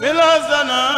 فلا زنا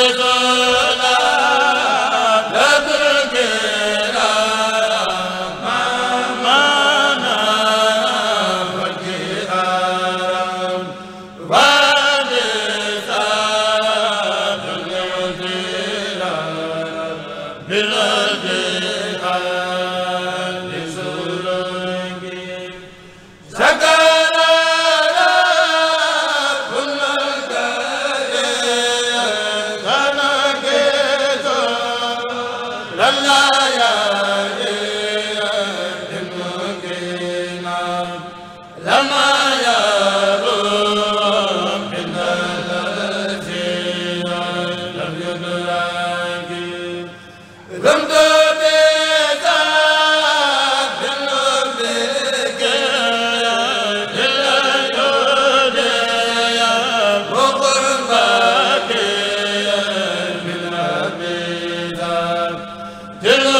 ya Bilal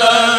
la